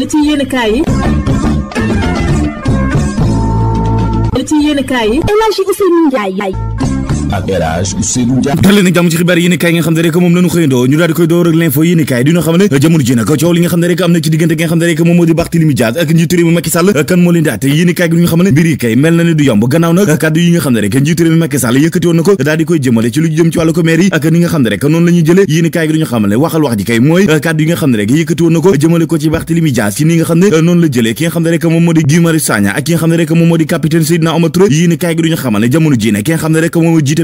li ci yéenekaay yi li ci yéenekaay yi El Hadji ak kan moo leen di àtte gi ñu xam ne kay mel na ne du yomb gannaaw nag kàddu yi nga xam yëkkati woon na ko jëmale ko ci Barthélémy Dias ci ni nga xam noonu la jëlee ki nga rek moom moo di Guy Marius ak ki nga rek moom moo di capitaine Seydina Omar Touré yi ni gi duñu xamal ne jamono ji ne rek moom moo jiite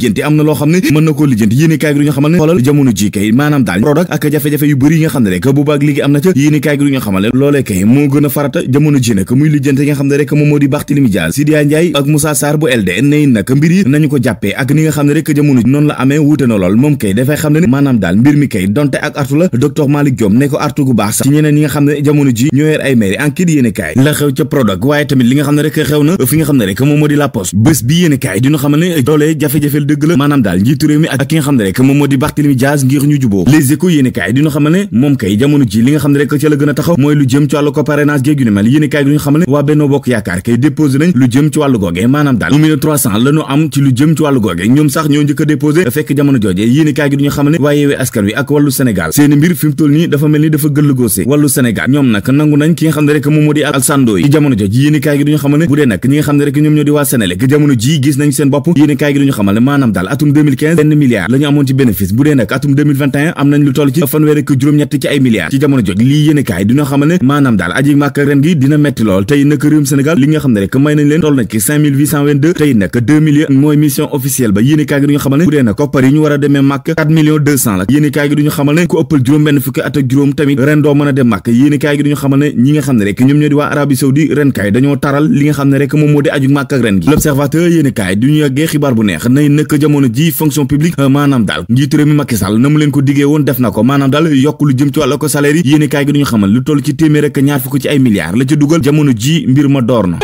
lijjanti am bu LD ne nag mbir yi nañu ko jàppee ak ni nga xam ne rek jamono ji ne maanaam artu la docteur Malick Diom ne ko artu gu baax sax ci ñeneen ñi nga xam ne jamono ji ñoo yor ay mairie enquête yéen kaay la xew ca Prodac waaye tamit li nga xam ne rek xew na fi nga xam ne rek moom moo di la poste bi yéen kaay dina xam ne loolee jafe-jafe dëgg la ci lu jëm ci wàllu googe maanaam daal 1300 am ci lu jëm ci wàllu googe ñoom sax ñoo njëkk a fekk jamono jooje yéen gi duñu xamal ne waa Yewwi Askan Wi ak wàllu Sénégal seeni mbir fi toll nii dafa mel ni dafa gëll góose wàllu Sénégal ñoom nag nangu nañ ki nga xam ne rek moom moo di alsandoo yi jamono jooje yéen gi duñu xamal ne bu dee nag ñi nga xam ne rek ñoom ñoo di waa Sénélec jamono ji gis nañ seen bopp yéen maanaam daal atum 2015 milliard la amoon ci bénéfice bu dee nag atum am nañ lu toll ci fanweer ak juróom-ñett ci ay milliards ci jamono joj lii yéen kaay dina xamal ne maanaam daal aji màkka ak ren gi l'observateur yéen kaay duñu yeggee xibaar bu neex nay nag nag jamono ji fonction publique euh, maanaam daal njiitu réew mi Macky na mu leen ko diggee woon def na ko maanaam daal yokk lu jëm ci wàllu ko salaire yi gi duñu xamal lu toll ci téeméer ak ñaar fukk ci ay milliards la ca dugal jamono ji mbir ma door na